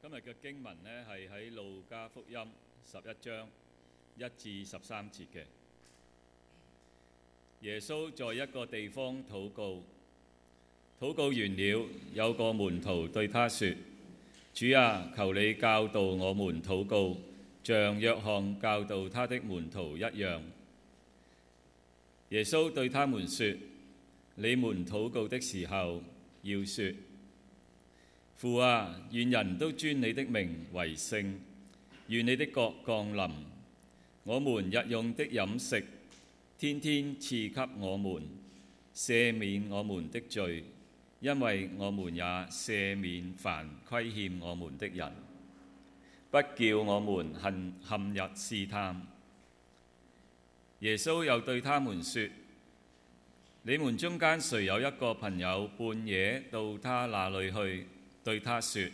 今日嘅經文咧係喺路加福音十一章一至十三節嘅。耶穌在一個地方禱告，禱告完了，有個門徒對他説：主啊，求你教導我們禱告，像約翰教導他的門徒一樣。耶穌對他們説：你們禱告的時候，要説。父啊，願人都尊你的名為聖，願你的國降臨。我們日用的飲食，天天賜給我們，赦免我們的罪，因為我們也赦免凡虧欠我們的人，不叫我們恨陷入試探。耶穌又對他們説，你們中間誰有一個朋友半夜到他那裡去？對他説：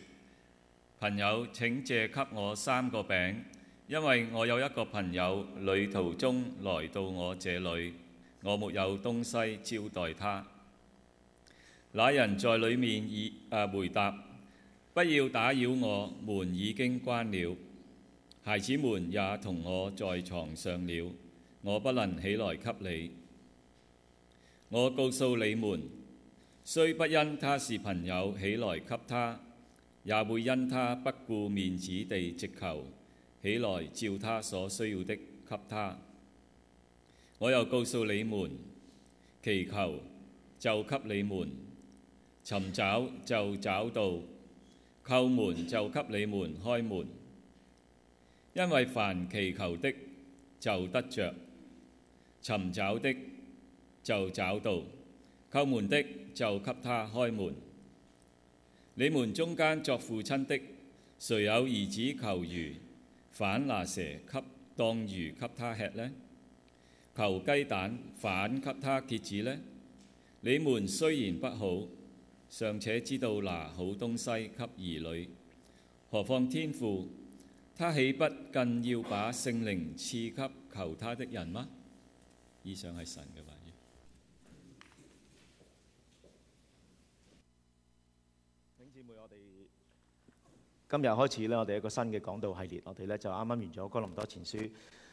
朋友，請借給我三個餅，因為我有一個朋友旅途中來到我這裡，我沒有東西招待他。那人在裡面、啊、回答：不要打擾我，門已經關了，孩子們也同我在床上了，我不能起來給你。我告訴你們，雖不因他是朋友起來給他，也會因他不顧面子地直求起來，照他所需要的給他。我又告訴你們，祈求就給你們，尋找就找到，叩門就給你們開門，因為凡祈求的就得着，尋找的就找到。叩門的就給他開門。你們中間作父親的，誰有兒子求魚反拿蛇給當魚給他吃呢？求雞蛋反給他蠍子呢？你們雖然不好，尚且知道拿好東西給兒女，何況天父？他豈不更要把聖靈賜給求他的人嗎？以上係神嘅話。今日開始咧，我哋一個新嘅講道系列，我哋咧就啱啱完咗《哥林多前書》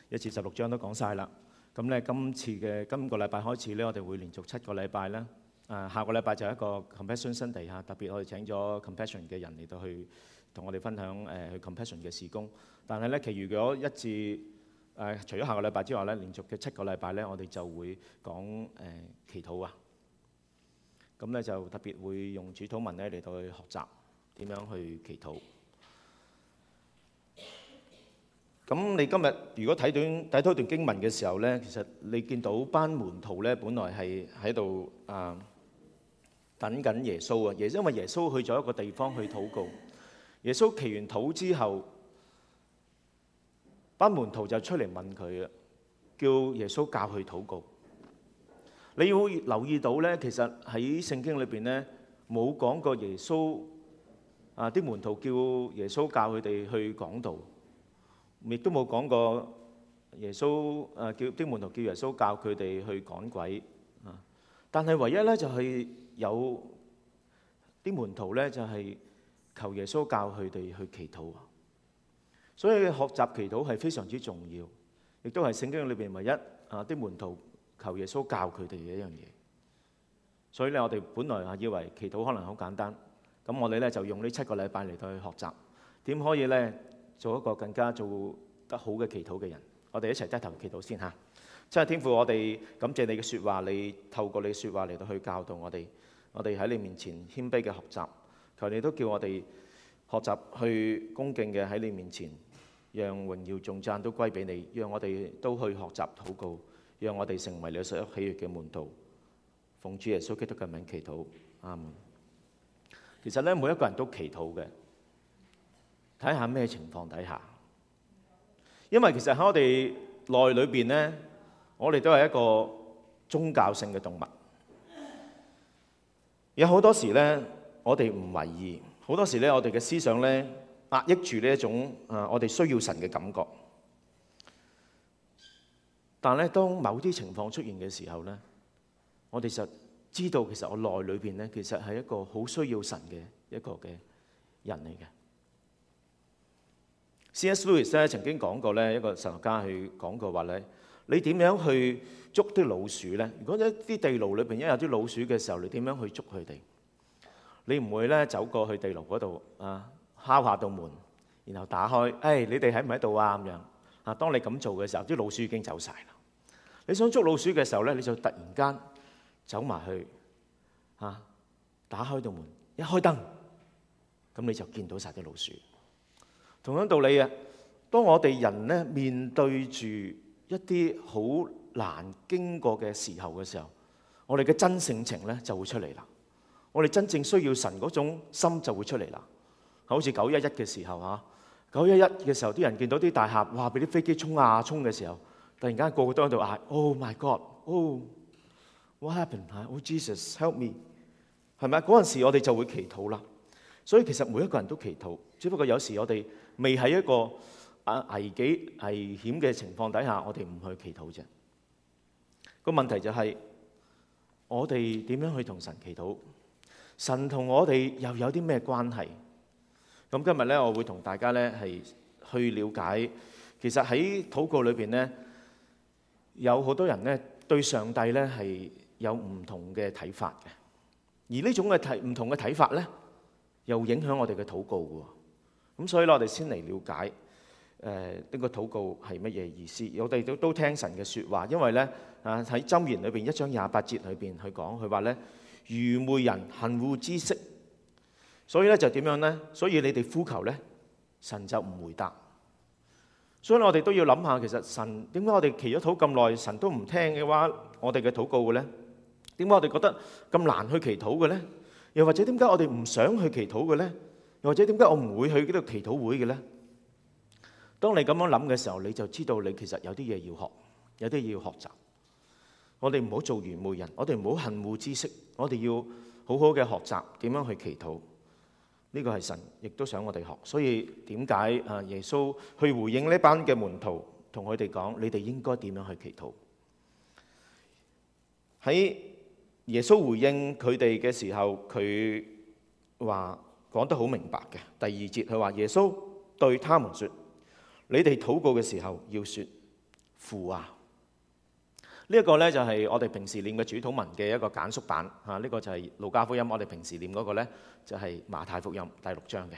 一至十六章都講曬啦。咁咧，今次嘅今個禮拜開始咧，我哋會連續七個禮拜咧，誒下個禮拜就係一個 Compassion Sunday 啊！特別我哋請咗 Compassion 嘅人嚟到去同我哋分享誒 Compassion 嘅事工。但係咧，其餘嗰一至誒除咗下個禮拜之外咧，連續嘅七個禮拜咧，我哋就會講誒祈禱啊。咁咧就特別會用主禱文咧嚟到去學習點樣去祈禱。咁你今日如果睇到睇到段經文嘅時候咧，其實你見到班門徒咧，本來係喺度啊等緊耶穌啊，耶因為耶穌去咗一個地方去禱告，耶穌祈完禱之後，班門徒就出嚟問佢啊，叫耶穌教佢禱告。你要留意到咧，其實喺聖經裏邊咧，冇講過耶穌啊啲門徒叫耶穌教佢哋去講道。亦都冇講過耶穌誒，叫啲門徒叫耶穌教佢哋去趕鬼啊！但係唯一咧就係有啲門徒咧就係求耶穌教佢哋去祈禱，所以學習祈禱係非常之重要，亦都係聖經裏邊唯一啊啲門徒求耶穌教佢哋嘅一樣嘢。所以咧，我哋本來啊以為祈禱可能好簡單，咁我哋咧就用呢七個禮拜嚟到去學習，點可以咧？做一個更加做得好嘅祈禱嘅人，我哋一齊低頭祈禱先吓，親愛嘅天父，我哋感謝你嘅説話，你透過你説話嚟到去教導我哋，我哋喺你面前謙卑嘅學習。求你都叫我哋學習去恭敬嘅喺你面前，讓榮耀、重讚都歸俾你，讓我哋都去學習禱告，讓我哋成為你所喜悅嘅門徒。奉主耶穌基督嘅名祈禱，阿門。其實呢，每一個人都祈禱嘅。睇下咩情況底下，因為其實喺我哋內裏邊呢，我哋都係一個宗教性嘅動物。有好多時呢，我哋唔為意；好多時呢，我哋嘅思想呢，壓抑住呢一種啊、呃，我哋需要神嘅感覺。但係，當某啲情況出現嘅時候呢，我哋就知道其實我內裏邊呢，其實係一個好需要神嘅一個嘅人嚟嘅。C.S. Lewis 咧曾經講過咧一個神學家去講過話咧，你點樣去捉啲老鼠咧？如果一啲地牢裏邊一有啲老鼠嘅時候，你點樣去捉佢哋？你唔會咧走過去地牢嗰度啊，敲下道門，然後打開，誒，你哋喺唔喺度啊？咁樣啊，當你咁做嘅時候，啲老鼠已經走晒啦。你想捉老鼠嘅時候咧，你就突然間走埋去啊，打開道門，一開燈，咁你就見到晒啲老鼠。同樣道理啊，當我哋人咧面對住一啲好難經過嘅時候嘅時候，我哋嘅真性情咧就會出嚟啦。我哋真正需要神嗰種心就會出嚟啦。好似九一一嘅時候啊，九一一嘅時候啲人見到啲大廈哇俾啲飛機衝啊衝嘅時候，突然間個個都喺度嗌：Oh my God！Oh，what happened？Oh Jesus，help me！係咪啊？嗰陣時我哋就會祈禱啦。所以其實每一個人都祈禱，只不過有時我哋未喺一個啊危機危險嘅情況底下，我哋唔去祈禱啫。個問題就係我哋點樣去同神祈禱？神同我哋又有啲咩關係？咁今日咧，我會同大家咧係去了解，其實喺禱告裏邊咧，有好多人咧對上帝咧係有唔同嘅睇法嘅。而呢種嘅睇唔同嘅睇法咧，又影響我哋嘅禱告嘅。咁所以咧，我哋先嚟了解，誒呢個禱告係乜嘢意思？我哋都都聽神嘅説話，因為咧啊喺《箴言》裏邊一章廿八節裏邊，佢講佢話咧愚昧人恨惡知識，所以咧就點樣咧？所以你哋呼求咧，神就唔回答。所以咧，我哋都要諗下，其實神點解我哋祈咗禱咁耐，神都唔聽嘅話，我哋嘅禱告嘅咧？點解我哋覺得咁難去祈禱嘅咧？又或者點解我哋唔想去祈禱嘅咧？又或者點解我唔會去呢度祈禱會嘅咧？當你咁樣諗嘅時候，你就知道你其實有啲嘢要學，有啲嘢要學習。我哋唔好做愚昧人，我哋唔好恨惡知識，我哋要好好嘅學習點樣去祈禱。呢個係神亦都想我哋學。所以點解啊耶穌去回應呢班嘅門徒，同佢哋講你哋應該點樣去祈禱？喺耶穌回應佢哋嘅時候，佢話。講得好明白嘅，第二節佢話耶穌對他們說：你哋禱告嘅時候要說父啊。這個、呢一個咧就係、是、我哋平時唸嘅主禱文嘅一個簡縮版吓，呢、這個就係路加福音，我哋平時唸嗰個呢，就係、是、馬太福音第六章嘅。呢、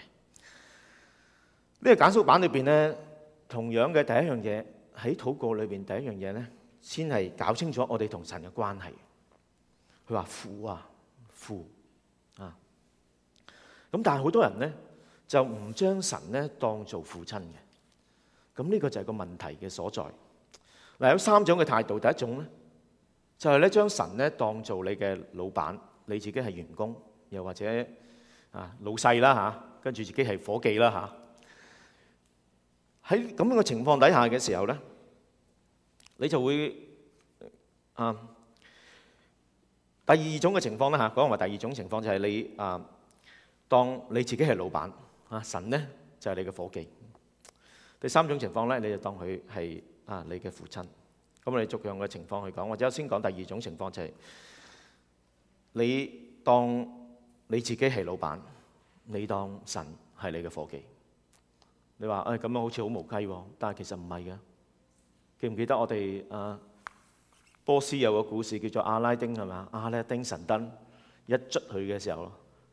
這個簡縮版裏邊呢，同樣嘅第一樣嘢喺禱告裏邊，第一樣嘢呢，先係搞清楚我哋同神嘅關係。佢話父啊，父。咁但係好多人咧就唔將神咧當做父親嘅，咁呢個就係個問題嘅所在。嗱，有三種嘅態度，第一種咧就係咧將神咧當做你嘅老闆，你自己係員工，又或者啊老細啦吓，跟住自己係夥計啦吓。喺咁樣嘅情況底下嘅時候咧，你就會啊第二種嘅情況咧吓，講話第二種情況就係你啊。當你自己係老闆，啊神咧就係你嘅夥計。第三種情況咧，你就當佢係啊你嘅父親。咁我哋逐樣嘅情況去講。或者我先講第二種情況，就係你當你自己係老闆，你當神係你嘅夥計。你話誒咁樣好似好無稽喎，但係其實唔係嘅。記唔記得我哋啊波斯有個故事叫做阿拉丁係咪？阿拉丁神燈一捽佢嘅時候。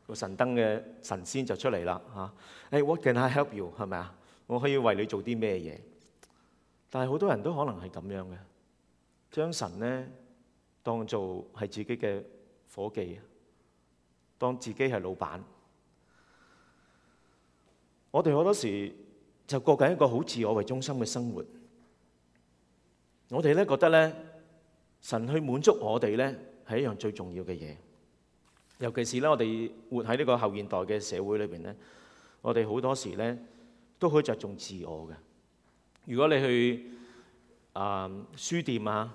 個神燈嘅神仙就出嚟啦嚇！誒，What can I help you？係咪啊？我可以為你做啲咩嘢？但係好多人都可能係咁樣嘅，將神咧當做係自己嘅夥計，當自己係老闆。我哋好多時就過緊一個好自我為中心嘅生活。我哋咧覺得咧，神去滿足我哋咧係一樣最重要嘅嘢。尤其是咧，我哋活喺呢個後現代嘅社會裏邊咧，我哋好多時咧都好着重自我嘅。如果你去啊、呃、書店啊，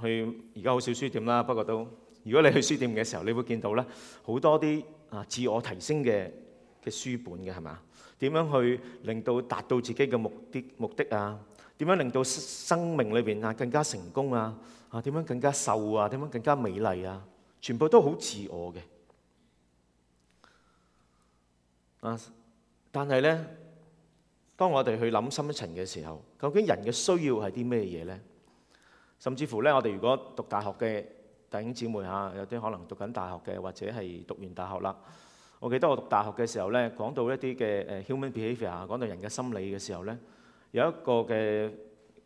去而家好少書店啦，不過都如果你去書店嘅時候，你會見到咧，好多啲啊自我提升嘅嘅書本嘅係嘛？點樣去令到達到自己嘅目的目的啊？點樣令到生命裏邊啊更加成功啊？啊點樣更加瘦啊？點樣更加美麗啊？全部都好自我嘅，啊！但係咧，當我哋去諗深一層嘅時候，究竟人嘅需要係啲咩嘢咧？甚至乎咧，我哋如果讀大學嘅弟兄姊妹嚇，有啲可能讀緊大學嘅，或者係讀完大學啦。我記得我讀大學嘅時候咧，講到一啲嘅誒 human behaviour，講到人嘅心理嘅時候咧，有一個嘅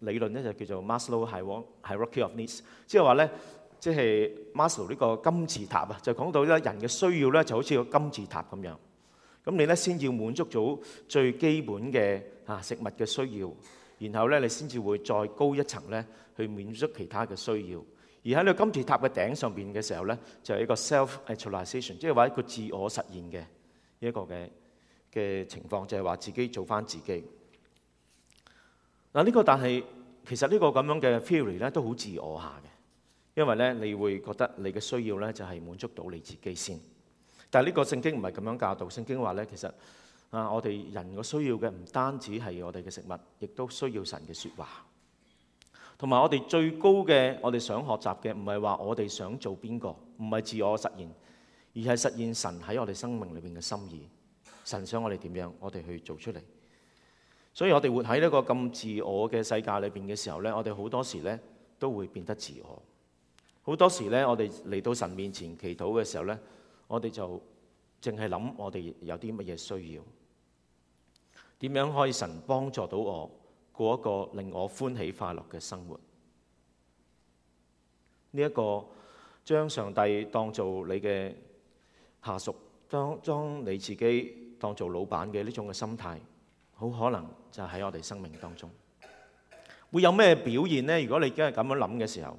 理論咧就叫做 Maslow hierarchy of needs，即係話咧。即係 Maslow 呢個金字塔啊，就講到咧人嘅需要咧就好似個金字塔咁樣。咁你咧先要滿足到最基本嘅啊食物嘅需要，然後咧你先至會再高一層咧去滿足其他嘅需要。而喺你金字塔嘅頂上邊嘅時候咧，就係一個 self-actualization，即係話一個自我實現嘅一個嘅嘅情況，就係話自己做返自己。嗱，呢個但係其實呢個咁樣嘅 theory 咧都好自我下嘅。因為咧，你會覺得你嘅需要咧就係滿足到你自己先。但係呢個聖經唔係咁樣教導。聖經話咧，其實啊，我哋人個需要嘅唔單止係我哋嘅食物，亦都需要神嘅説話，同埋我哋最高嘅，我哋想學習嘅，唔係話我哋想做邊個，唔係自我實現，而係實現神喺我哋生命裏邊嘅心意。神想我哋點樣，我哋去做出嚟。所以我哋活喺呢個咁自我嘅世界裏邊嘅時候咧，我哋好多時咧都會變得自我。好多時咧，我哋嚟到神面前祈禱嘅時候咧，我哋就淨係諗我哋有啲乜嘢需要，點樣可以神幫助到我過一個令我歡喜快樂嘅生活？呢、這、一個將上帝當做你嘅下屬，當當你自己當做老闆嘅呢種嘅心態，好可能就喺我哋生命當中會有咩表現呢？如果你今日咁樣諗嘅時候，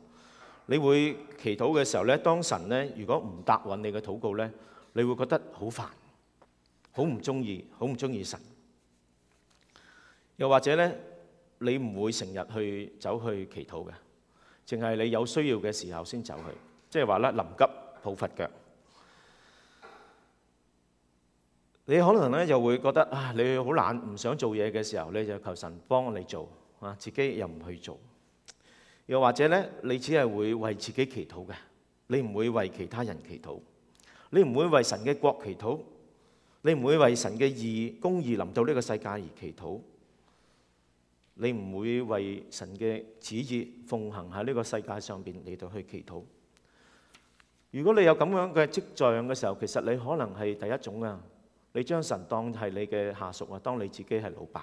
你會祈禱嘅時候咧，當神咧如果唔答允你嘅禱告咧，你會覺得好煩，好唔中意，好唔中意神。又或者咧，你唔會成日去走去祈禱嘅，淨係你有需要嘅時候先走去。即係話咧，臨急抱佛腳。你可能咧就會覺得啊，你好懶，唔想做嘢嘅時候咧就求神幫你做啊，自己又唔去做。又或者咧，你只係會為自己祈禱嘅，你唔會為其他人祈禱，你唔會為神嘅國祈禱，你唔會為神嘅義公義臨到呢個世界而祈禱，你唔會為神嘅旨意奉行喺呢個世界上邊嚟到去祈禱。如果你有咁樣嘅跡象嘅時候，其實你可能係第一種啊，你將神當係你嘅下屬啊，當你自己係老闆。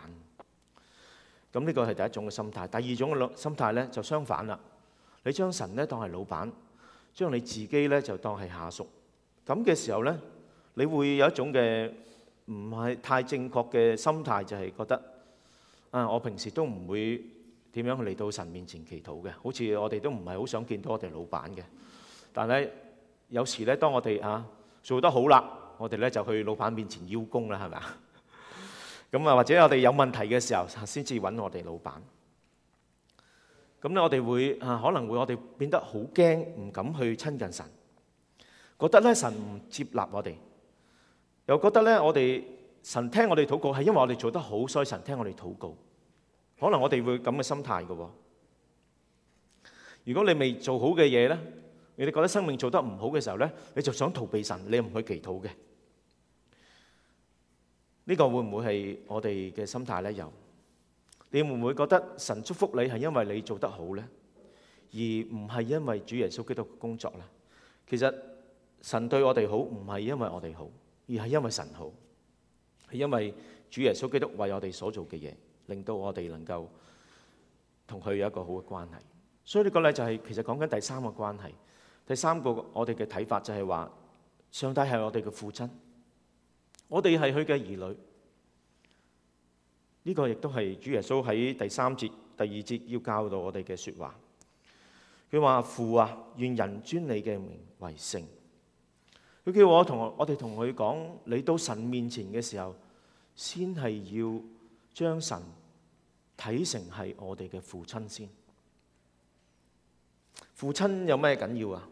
咁呢個係第一種嘅心態，第二種嘅心態呢就相反啦。你將神呢當係老闆，將你自己呢就當係下屬。咁嘅時候呢，你會有一種嘅唔係太正確嘅心態，就係覺得啊，我平時都唔會點樣嚟到神面前祈禱嘅，好似我哋都唔係好想見到我哋老闆嘅。但係有時呢，當我哋啊做得好啦，我哋呢就去老闆面前邀功啦，係咪啊？咁啊，或者我哋有問題嘅時候，先至揾我哋老闆。咁咧，我哋會啊，可能會我哋變得好驚，唔敢去親近神，覺得咧神唔接納我哋，又覺得咧我哋神聽我哋禱告係因為我哋做得好，所以神聽我哋禱告，可能我哋會咁嘅心態噶。如果你未做好嘅嘢咧，你哋覺得生命做得唔好嘅時候咧，你就想逃避神，你又唔去祈禱嘅。呢個會唔會係我哋嘅心態呢？又，你會唔會覺得神祝福你係因為你做得好呢，而唔係因為主耶穌基督嘅工作呢？其實神對我哋好，唔係因為我哋好，而係因為神好，係因為主耶穌基督為我哋所做嘅嘢，令到我哋能夠同佢有一個好嘅關係。所以呢個呢就係其實講緊第三個關係。第三個我哋嘅睇法就係話，上帝係我哋嘅父親。我哋係佢嘅兒女，呢個亦都係主耶穌喺第三節、第二節要教導我哋嘅說話。佢話，父啊，願人尊你嘅名為聖。佢叫我同我哋同佢講，你到神面前嘅時候，先係要將神睇成係我哋嘅父親先。父親有咩緊要啊？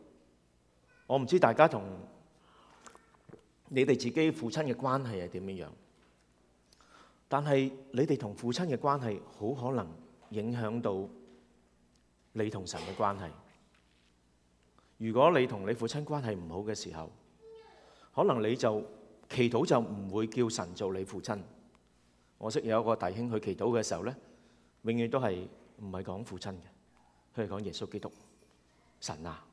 我唔知大家同。你哋自己父親嘅關係係點樣樣？但係你哋同父親嘅關係好可能影響到你同神嘅關係。如果你同你父親關係唔好嘅時候，可能你就祈禱就唔會叫神做你父親。我識有一個弟兄去祈禱嘅時候咧，永遠都係唔係講父親嘅，佢係講耶穌基督神啊，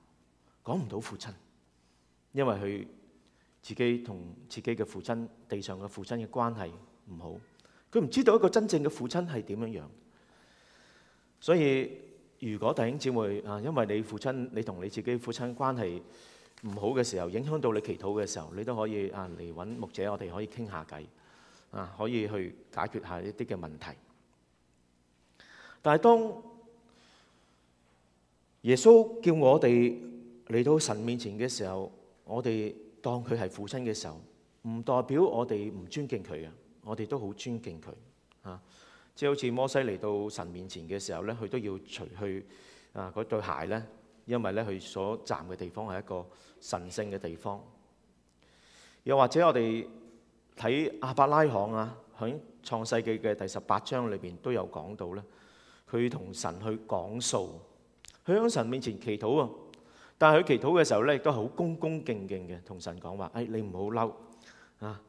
講唔到父親，因為佢。自己同自己嘅父親、地上嘅父親嘅關係唔好，佢唔知道一個真正嘅父親係點樣樣。所以，如果弟兄姊妹啊，因為你父親你同你自己父親關係唔好嘅時候，影響到你祈禱嘅時候，你都可以啊嚟揾牧者，我哋可以傾下偈啊，可以去解決下一啲嘅問題。但係當耶穌叫我哋嚟到神面前嘅時候，我哋。當佢係父親嘅時候，唔代表我哋唔尊敬佢嘅，我哋都好尊敬佢啊！即係好似摩西嚟到神面前嘅時候咧，佢都要除去啊嗰對鞋咧，因為咧佢所站嘅地方係一個神聖嘅地方。又或者我哋睇亞伯拉罕啊，喺創世紀嘅第十八章裏邊都有講到咧，佢同神去講數，佢喺神面前祈禱啊！但係佢祈禱嘅時候咧，亦都好恭恭敬敬嘅，同神講話，哎，你唔好嬲啊！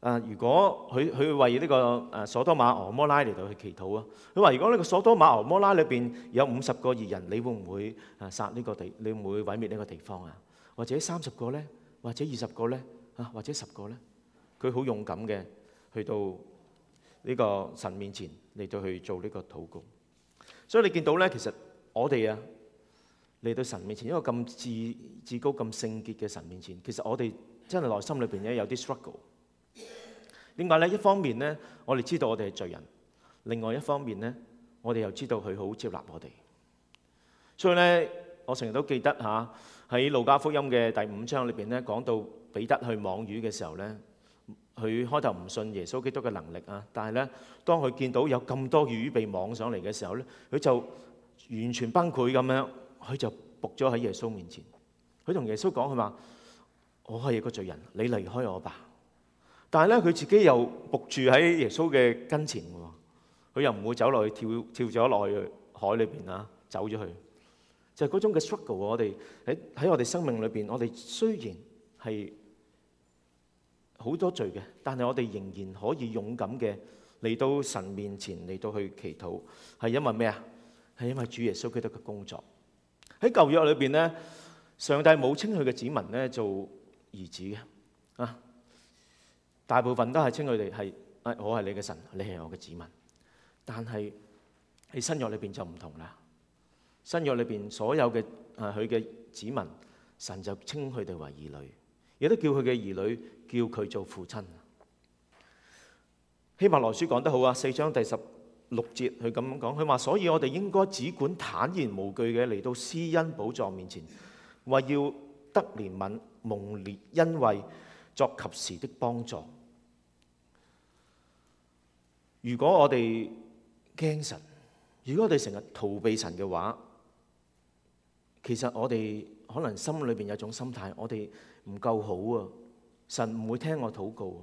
啊，如果佢佢為呢個啊所多瑪俄摩拉嚟到去祈禱啊，佢話如果呢個所多瑪俄摩拉裏邊有五十個義人，你會唔會啊殺呢個地？你會唔會毀滅呢個地方啊？或者三十個咧？或者二十個咧？啊，或者十個咧？佢好勇敢嘅，去到呢個神面前嚟到去做呢個禱告。所以你見到咧，其實我哋啊。嚟到神面前，一個咁至至高、咁聖潔嘅神面前，其實我哋真係內心裏邊咧有啲 struggle。另外咧，一方面咧，我哋知道我哋係罪人；另外一方面咧，我哋又知道佢好接納我哋。所以咧，我成日都記得吓喺路加福音嘅第五章裏邊咧，講到彼得去網魚嘅時候咧，佢開頭唔信耶穌基督嘅能力啊。但係咧，當佢見到有咁多魚被網上嚟嘅時候咧，佢就完全崩潰咁樣。佢就仆咗喺耶穌面前。佢同耶穌講：佢話我係一個罪人，你離開我吧。但係咧，佢自己又仆住喺耶穌嘅跟前。佢又唔會走落去跳跳咗落去海裏邊啊，走咗去就係、是、嗰種嘅 struggle 我。我哋喺喺我哋生命裏邊，我哋雖然係好多罪嘅，但係我哋仍然可以勇敢嘅嚟到神面前，嚟到去祈禱，係因爲咩啊？係因爲主耶穌基督嘅工作。喺舊約裏邊咧，上帝冇稱佢嘅子民咧做兒子嘅，啊，大部分都係稱佢哋係，啊，我係你嘅神，你係我嘅子民。但係喺新約裏邊就唔同啦，新約裏邊所有嘅啊佢嘅子民，神就稱佢哋為兒女，亦都叫佢嘅兒女叫佢做父親。希伯來書講得好啊，四章第十六節，佢咁樣講，佢話：所以我哋應該只管坦然無懼嘅嚟到施恩寶座面前，為要得憐憫、蒙憐恩惠、作及時的幫助。如果我哋驚神，如果我哋成日逃避神嘅話，其實我哋可能心裏邊有種心態，我哋唔夠好啊，神唔會聽我禱告啊。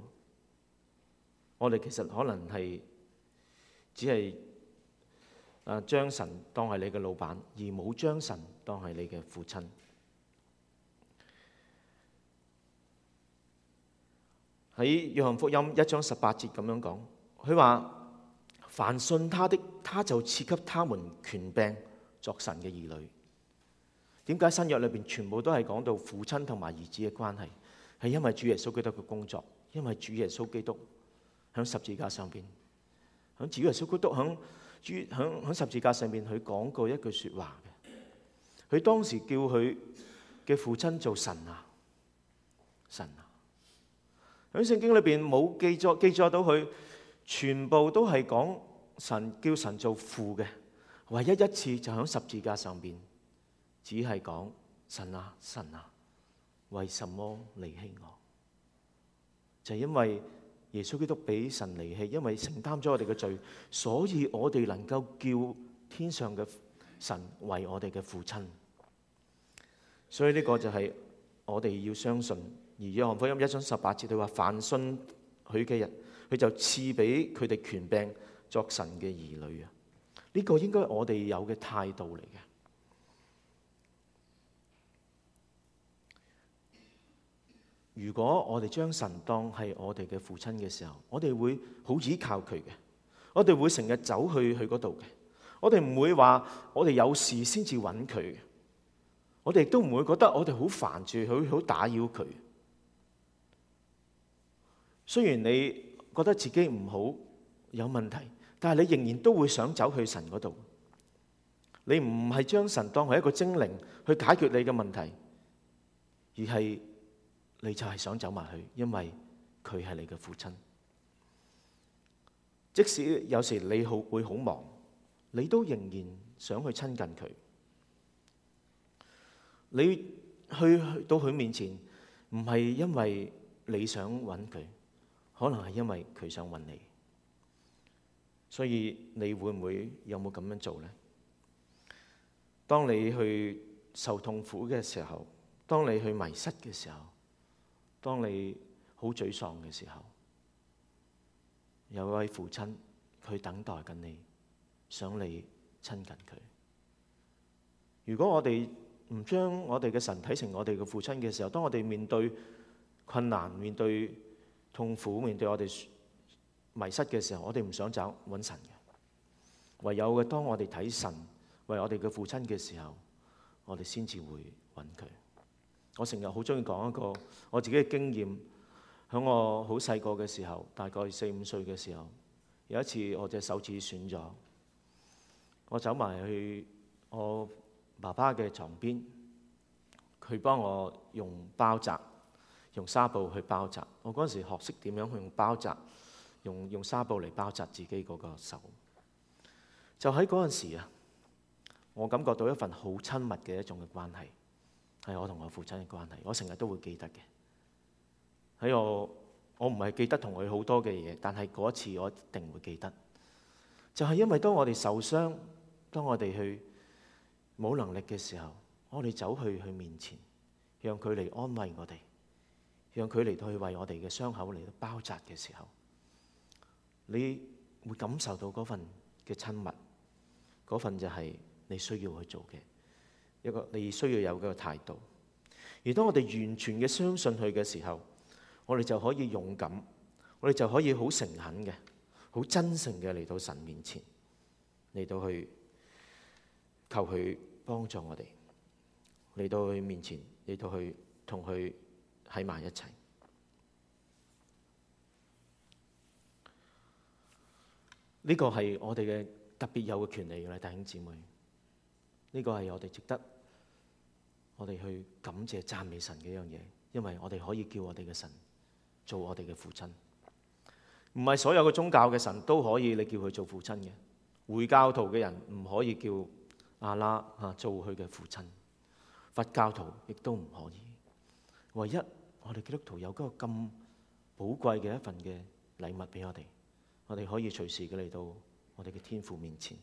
我哋其實可能係。只係啊將神當係你嘅老闆，而冇將神當係你嘅父親。喺約翰福音一章十八節咁樣講，佢話：凡信他的，他就賜給他們權柄作神嘅兒女。點解新約裏邊全部都係講到父親同埋兒子嘅關係？係因為主耶穌基督嘅工作，因為主耶穌基督喺十字架上邊。喺主耶穌基督喺主喺喺十字架上面，佢講過一句説話嘅。佢當時叫佢嘅父親做神啊，神啊。喺聖經裏邊冇記載記載到佢，全部都係講神叫神做父嘅，唯一一次就喺十字架上邊，只係講神啊神啊，為什麼離棄我？就係、因為。耶穌基督俾神離棄，因為承擔咗我哋嘅罪，所以我哋能夠叫天上嘅神為我哋嘅父親。所以呢個就係我哋要相信。而約翰福音一章十八節，佢話凡信佢嘅人，佢就賜俾佢哋權柄作神嘅兒女啊！呢個應該我哋有嘅態度嚟嘅。如果我哋將神當係我哋嘅父親嘅時候，我哋會好倚靠佢嘅，我哋會成日走去佢嗰度嘅，我哋唔會話我哋有事先至揾佢，我哋亦都唔會覺得我哋好煩住佢，好打擾佢。雖然你覺得自己唔好，有問題，但係你仍然都會想走去神嗰度。你唔係將神當係一個精靈去解決你嘅問題，而係。你就係想走埋去，因為佢係你嘅父親。即使有時你好會好忙，你都仍然想去親近佢。你去到佢面前，唔係因為你想揾佢，可能係因為佢想揾你。所以你會唔會有冇咁樣做呢？當你去受痛苦嘅時候，當你去迷失嘅時候。當你好沮喪嘅時候，有位父親佢等待緊你，想你親近佢。如果我哋唔將我哋嘅神睇成我哋嘅父親嘅時候，當我哋面對困難、面對痛苦、面對我哋迷失嘅時候，我哋唔想找揾神嘅。唯有嘅，當我哋睇神為我哋嘅父親嘅時候，我哋先至會揾佢。我成日好鍾意講一個我自己嘅經驗，喺我好細個嘅時候，大概四五歲嘅時候，有一次我隻手指損咗，我走埋去我爸爸嘅床邊，佢幫我用包紮、用紗布去包紮。我嗰陣時學識點樣去用包紮、用用紗布嚟包紮自己嗰個手，就喺嗰陣時啊，我感覺到一份好親密嘅一種嘅關係。係我同我父親嘅關係，我成日都會記得嘅。喺我，我唔係記得同佢好多嘅嘢，但係嗰一次我一定會記得。就係因為當我哋受傷，當我哋去冇能力嘅時候，我哋走去佢面前，讓佢嚟安慰我哋，讓佢嚟去為我哋嘅傷口嚟到包紮嘅時候，你會感受到嗰份嘅親密，嗰份就係你需要去做嘅。一個你需要有嘅態度，而當我哋完全嘅相信佢嘅時候，我哋就可以勇敢，我哋就可以好誠懇嘅、好真誠嘅嚟到神面前，嚟到去求佢幫助我哋，嚟到佢面前，嚟到去同佢喺埋一齊。呢個係我哋嘅特別有嘅權利，弟兄姊妹。呢個係我哋值得我哋去感謝讚美神嘅一樣嘢，因為我哋可以叫我哋嘅神做我哋嘅父親。唔係所有嘅宗教嘅神都可以你叫佢做父親嘅，回教徒嘅人唔可以叫阿拉嚇做佢嘅父親，佛教徒亦都唔可以。唯一我哋基督徒有個咁寶貴嘅一份嘅禮物俾我哋，我哋可以隨時嘅嚟到我哋嘅天父面前。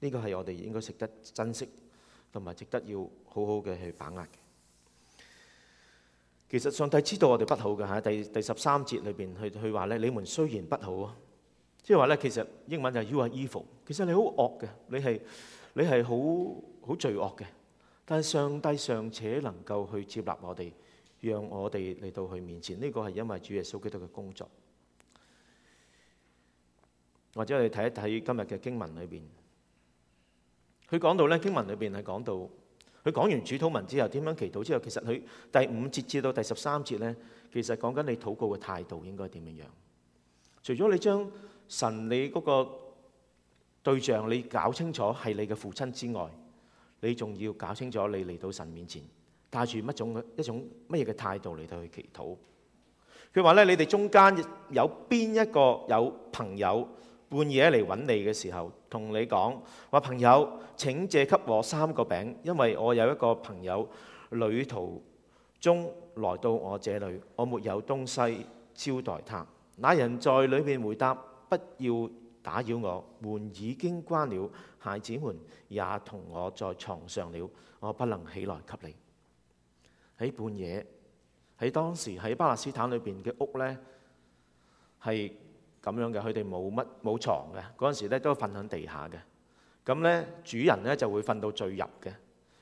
呢個係我哋應該識得珍惜，同埋值得要好好嘅去把握嘅。其實上帝知道我哋不好嘅㗎，第第十三節裏邊，佢佢話咧，你們雖然不好啊，即係話咧，其實英文就係 You are evil。其實你好惡嘅，你係你係好好罪惡嘅，但係上帝尚且能夠去接納我哋，讓我哋嚟到佢面前。呢個係因為主耶穌基督嘅工作。或者我哋睇一睇今日嘅經文裏邊。佢講到咧經文裏邊係講到，佢講完主禱文之後點樣祈禱之後，其實佢第五節至到第十三節咧，其實講緊你禱告嘅態度應該點樣樣。除咗你將神你嗰個對象你搞清楚係你嘅父親之外，你仲要搞清楚你嚟到神面前帶住乜種嘅一種乜嘢嘅態度嚟到去祈禱。佢話咧，你哋中間有邊一個有朋友？半夜嚟揾你嘅時候，同你講話：朋友，請借給我三個餅，因為我有一個朋友旅途中來到我這裏，我沒有東西招待他。那人在裏面回答：不要打擾我，門已經關了，孩子們也同我在床上了，我不能起來給你。喺半夜，喺當時喺巴勒斯坦裏邊嘅屋呢，係。咁樣嘅，佢哋冇乜冇牀嘅，嗰陣時咧都瞓響地下嘅。咁咧主人咧就會瞓到最入嘅，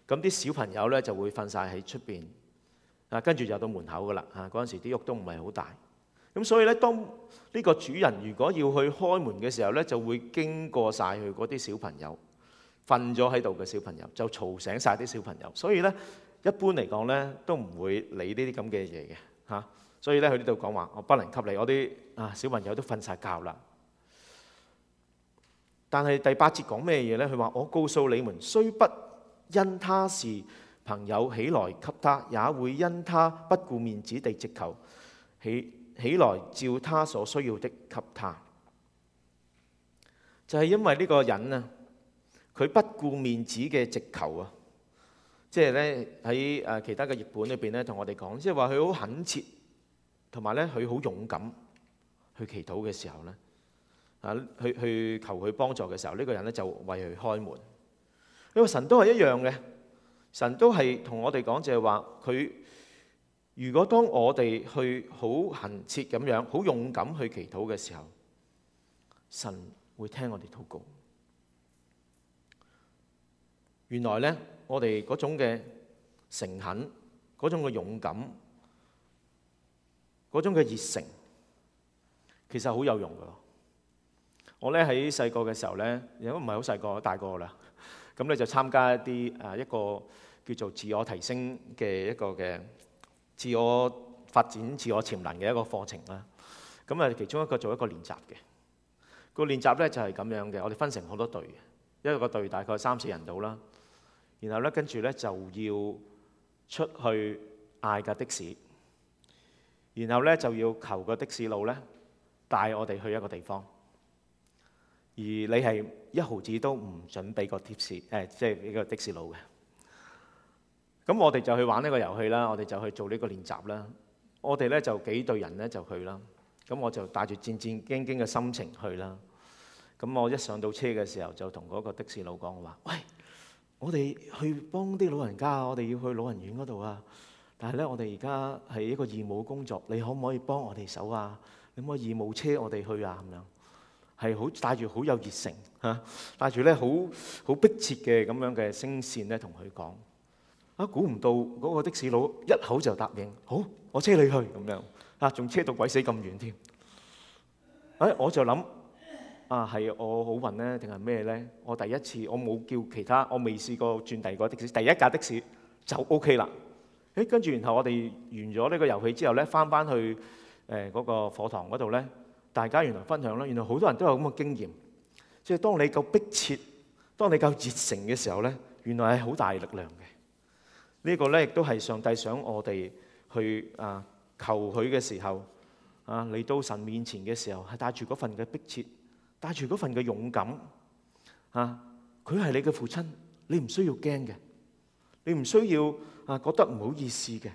咁啲小朋友咧就會瞓曬喺出邊啊。跟住入到門口噶啦啊，嗰陣時啲屋都唔係好大。咁所以咧，當呢個主人如果要去開門嘅時候咧，就會經過曬佢嗰啲小朋友瞓咗喺度嘅小朋友，就嘈醒曬啲小朋友。所以咧，一般嚟講咧都唔會理呢啲咁嘅嘢嘅嚇。所以咧，佢呢度講話，我不能給你。我啲啊小朋友都瞓曬覺啦。但係第八節講咩嘢咧？佢話：我告訴你們，雖不因他是朋友，起來給他，也會因他不顧面子地直求，起起來照他所需要的給他。就係因為呢個人啊，佢不顧面子嘅直求啊，即係咧喺誒其他嘅譯本裏邊咧，同我哋講，即係話佢好懇切。同埋咧，佢好勇敢去祈禱嘅時候咧，啊，去去求佢幫助嘅時候，呢、這個人咧就為佢開門。因為神都係一樣嘅，神都係同我哋講就係話，佢如果當我哋去好懇切咁樣，好勇敢去祈禱嘅時候，神會聽我哋禱告。原來咧，我哋嗰種嘅誠懇，嗰種嘅勇敢。嗰種嘅熱誠其實好有用㗎。我咧喺細個嘅時候咧，如果唔係好細個，大個啦，咁你就參加一啲誒、呃、一個叫做自我提升嘅一個嘅自我發展、自我潛能嘅一個課程啦。咁啊，其中一個做一個練習嘅，個練習咧就係、是，咁樣嘅。我哋分成好多隊嘅，一個隊大概三四人到啦。然後咧跟住咧就要出去嗌架的士。然後咧就要求個的士佬咧帶我哋去一個地方，而你係一毫子都唔準俾個貼士，呃，誒，即係俾個的士佬嘅。咁我哋就去玩呢個遊戲啦，我哋就去做呢個練習啦。我哋咧就幾對人咧就去啦。咁我就帶住戰戰兢兢嘅心情去啦。咁我一上到車嘅時候就同嗰個的士佬講話：「喂，我哋去幫啲老人家，我哋要去老人院嗰度啊！但係咧，我哋而家係一個義務工作，你可唔可以幫我哋手啊？你可唔可以義務車我哋去啊？咁樣係好帶住好有熱誠嚇，帶住咧好好迫切嘅咁樣嘅聲線咧，同佢講啊，估唔到嗰個的士佬一口就答應，好，我車你去咁樣啊，仲車到鬼死咁遠添。誒，我就諗啊，係我好運咧，定係咩咧？我第一次我冇叫其他，我未試過轉第二個的士，第一架的士就 OK 啦。誒跟住，然後我哋完咗呢個遊戲之後咧，返返去誒嗰個課堂嗰度咧，大家原來分享啦。原來好多人都有咁嘅經驗，即係當你夠迫切、當你夠熱誠嘅時候咧，原來係好大力量嘅。呢個咧亦都係上帝想我哋去啊求佢嘅時候啊嚟到神面前嘅時候，係帶住嗰份嘅迫切，帶住嗰份嘅勇敢啊！佢係你嘅父親，你唔需要驚嘅，你唔需要。啊，覺得唔好意思嘅。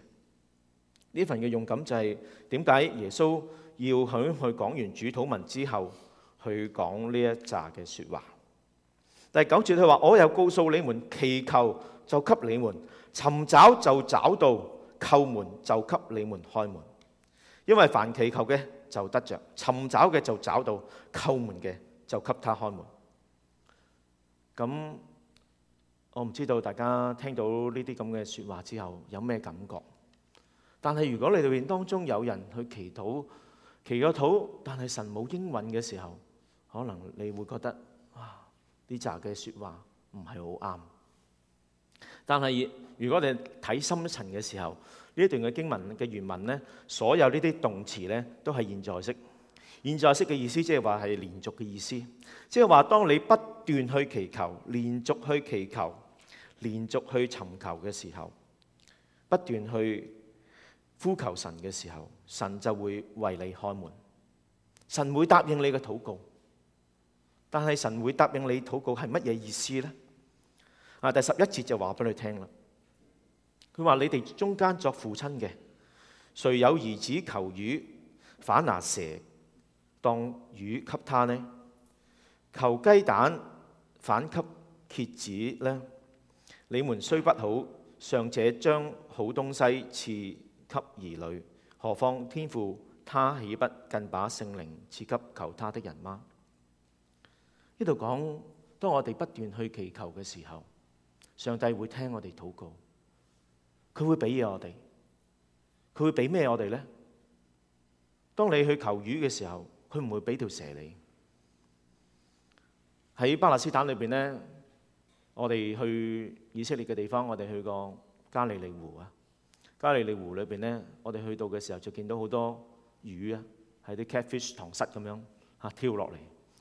呢份嘅勇敢就係點解耶穌要喺佢講完主禱文之後去講呢一紮嘅説話。第九節佢話：我又告訴你們，祈求就給你們，尋找就找到，叩門就給你們開門。因為凡祈求嘅就得著，尋找嘅就找到，叩門嘅就給他開門。咁。我唔知道大家聽到呢啲咁嘅説話之後有咩感覺，但係如果你哋當中有人去祈禱、祈咗禱，但係神冇應允嘅時候，可能你會覺得啊，啲雜嘅説話唔係好啱。但係如果你睇深一層嘅時候，呢一段嘅經文嘅原文咧，所有呢啲動詞咧都係現在式。現在式嘅意思即係話係連續嘅意思，即係話當你不斷去祈求、連續去祈求。連續去尋求嘅時候，不斷去呼求神嘅時候，神就會為你開門，神會答應你嘅禱告。但係神會答應你禱告係乜嘢意思呢？啊，第十一節就話俾你聽啦。佢話：你哋中間作父親嘅，誰有兒子求魚反拿蛇當魚給他呢？求雞蛋反給蠍子呢？你們雖不好，尚且將好東西賜給兒女，何況天父他豈不更把聖靈賜給求他的人嗎？呢度講，當我哋不斷去祈求嘅時候，上帝會聽我哋禱告，佢會俾嘢我哋，佢會俾咩我哋呢？當你去求魚嘅時候，佢唔會俾條蛇你。喺巴勒斯坦裏邊呢。我哋去以色列嘅地方，我哋去過加利利湖啊！加利利湖裏邊咧，我哋去到嘅時候就見到好多魚啊，係啲 catfish 塘虱咁樣嚇跳落嚟，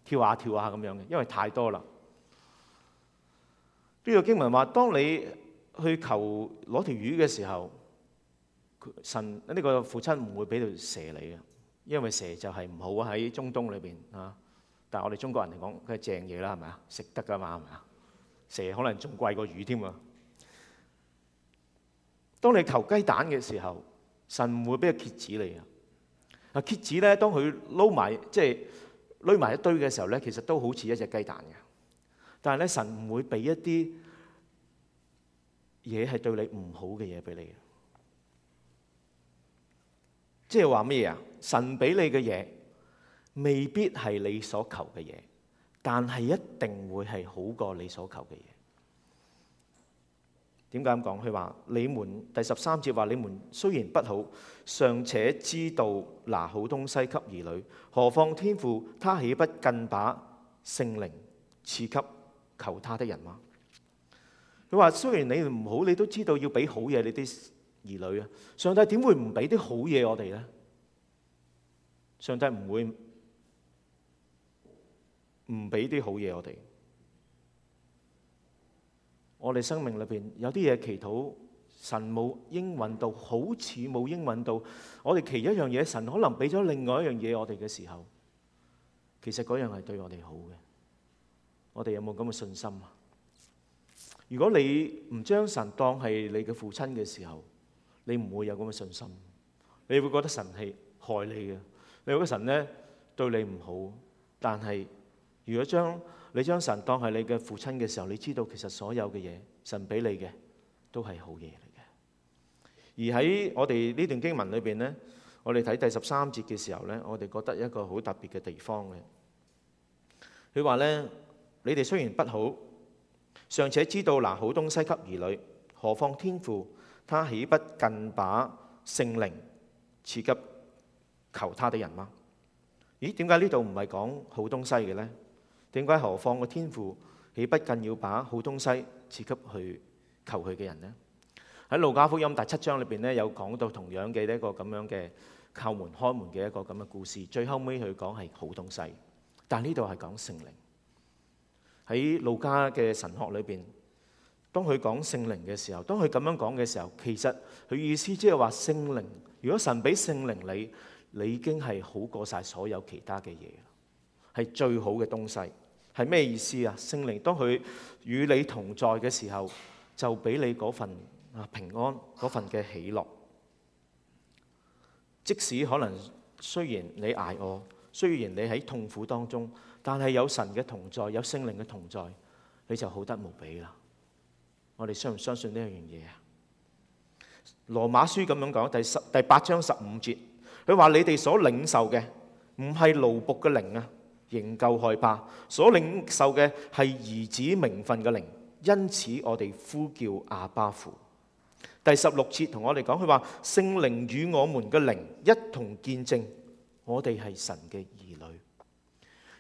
跳下跳下咁樣嘅，因為太多啦。呢個經文話，當你去求攞條魚嘅時候，神呢個父親唔會俾條蛇你嘅，因為蛇就係唔好喺中東裏邊嚇。但係我哋中國人嚟講，佢係正嘢啦，係咪啊？食得㗎嘛，係咪啊？蛇可能仲貴過魚添啊！當你求雞蛋嘅時候，神唔會俾個蠍子你啊！啊蠍子咧，當佢撈埋即係攏埋一堆嘅時候咧，其實都好似一隻雞蛋嘅。但係咧，神唔會俾一啲嘢係對你唔好嘅嘢俾你嘅。即係話咩啊？神俾你嘅嘢，未必係你所求嘅嘢。但係一定會係好過你所求嘅嘢。點解咁講？佢話，你們，第十三節話，你們雖然不好，尚且知道拿好東西給兒女，何況天父他豈不更把聖靈賜給求他的人嗎？佢話雖然你唔好，你都知道要俾好嘢你啲兒女啊，上帝點會唔俾啲好嘢我哋呢？上帝唔會。唔俾啲好嘢我哋，我哋生命裏邊有啲嘢祈禱，神冇應允到，好似冇應允到。我哋祈一樣嘢，神可能俾咗另外一樣嘢我哋嘅時候，其實嗰樣係對我哋好嘅。我哋有冇咁嘅信心啊？如果你唔將神當係你嘅父親嘅時候，你唔會有咁嘅信心。你會覺得神係害你嘅，你會覺得神咧對你唔好，但係。如果將你將神當係你嘅父親嘅時候，你知道其實所有嘅嘢神俾你嘅都係好嘢嚟嘅。而喺我哋呢段經文裏邊呢，我哋睇第十三節嘅時候呢，我哋覺得一個好特別嘅地方嘅。佢話呢：「你哋雖然不好，尚且知道拿好東西給兒女，何況天父他豈不更把聖靈賜給求他的人嗎？咦？點解呢度唔係講好東西嘅呢？」點解？何況個天父，豈不僅要把好東西賜給去求佢嘅人呢？喺路加福音第七章裏邊咧，有講到同樣嘅一個咁樣嘅叩門、開門嘅一個咁嘅故事。最後尾佢講係好東西，但呢度係講聖靈。喺路加嘅神學裏邊，當佢講聖靈嘅時候，當佢咁樣講嘅時候，其實佢意思即係話聖靈，如果神俾聖靈你，你已經係好過晒所有其他嘅嘢，係最好嘅東西。係咩意思啊？聖靈當佢與你同在嘅時候，就俾你嗰份啊平安，嗰份嘅喜樂。即使可能雖然你捱餓，雖然你喺痛苦當中，但係有神嘅同在，有聖靈嘅同在，你就好得無比啦。我哋相唔相信呢一樣嘢啊？羅馬書咁樣講，第十第八章十五節，佢話你哋所領受嘅唔係奴僕嘅靈啊。仍舊害怕，所領受嘅係兒子名分嘅靈，因此我哋呼叫阿爸父。第十六節同我哋講，佢話聖靈與我們嘅靈一同見證，我哋係神嘅兒女。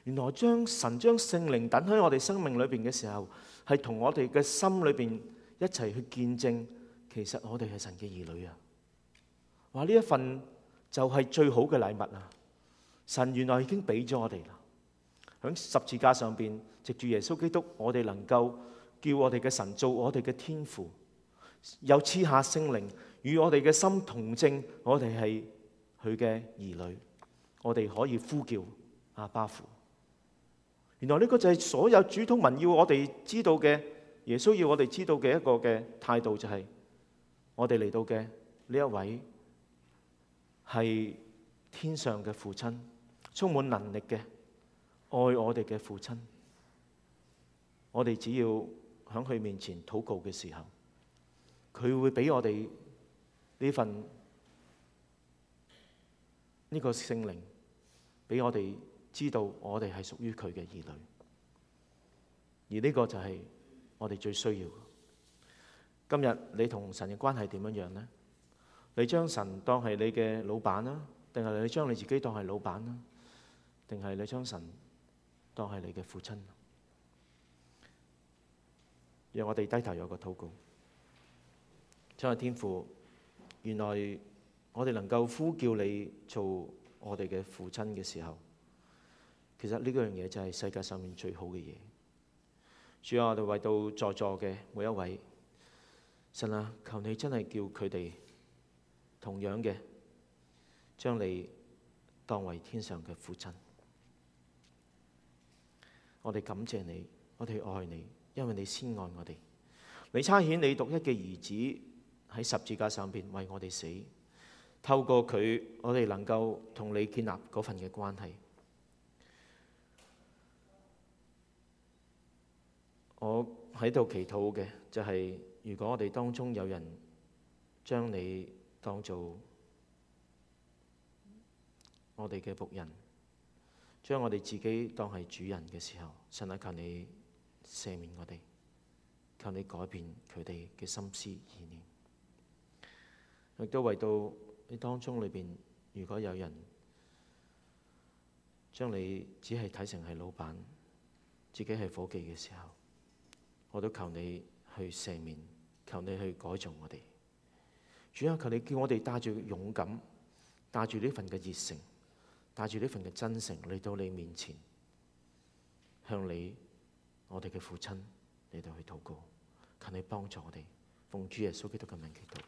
原來將神將聖靈等喺我哋生命裏邊嘅時候，係同我哋嘅心裏邊一齊去見證，其實我哋係神嘅兒女啊！哇，呢一份就係最好嘅禮物啊！神原來已經俾咗我哋啦。喺十字架上邊藉住耶穌基督，我哋能夠叫我哋嘅神做我哋嘅天父，有天下聖靈與我哋嘅心同正，我哋係佢嘅兒女，我哋可以呼叫阿巴父。原來呢個就係所有主統民要我哋知道嘅，耶穌要我哋知道嘅一個嘅態度就係、是，我哋嚟到嘅呢一位係天上嘅父親，充滿能力嘅。愛我哋嘅父親，我哋只要喺佢面前禱告嘅時候，佢會俾我哋呢份呢個聖靈，俾我哋知道我哋係屬於佢嘅兒女，而呢個就係我哋最需要嘅。今日你同神嘅關係點樣樣呢？你將神當係你嘅老闆啦，定係你將你自己當係老闆啦，定係你將神當係你嘅父親，讓我哋低頭有個禱告。真係天父，原來我哋能夠呼叫你做我哋嘅父親嘅時候，其實呢樣嘢就係世界上面最好嘅嘢。主，要我哋為到在座嘅每一位，神啊，求你真係叫佢哋同樣嘅將你當為天上嘅父親。我哋感謝你，我哋愛你，因為你先愛我哋。你差遣你獨一嘅兒子喺十字架上邊為我哋死，透過佢，我哋能夠同你建立嗰份嘅關係。我喺度祈禱嘅就係，如果我哋當中有人將你當做我哋嘅僕人。將我哋自己當係主人嘅時候，神啊，求你赦免我哋，求你改變佢哋嘅心思意念，亦都為到你當中裏邊，如果有人將你只係睇成係老闆，自己係伙計嘅時候，我都求你去赦免，求你去改造我哋。主啊，求你叫我哋帶住勇敢，帶住呢份嘅熱誠，帶住呢份嘅真誠嚟到你面前，向你，我哋嘅父親，你哋去禱告，求你幫助我哋，奉主耶穌基督嘅名祈禱。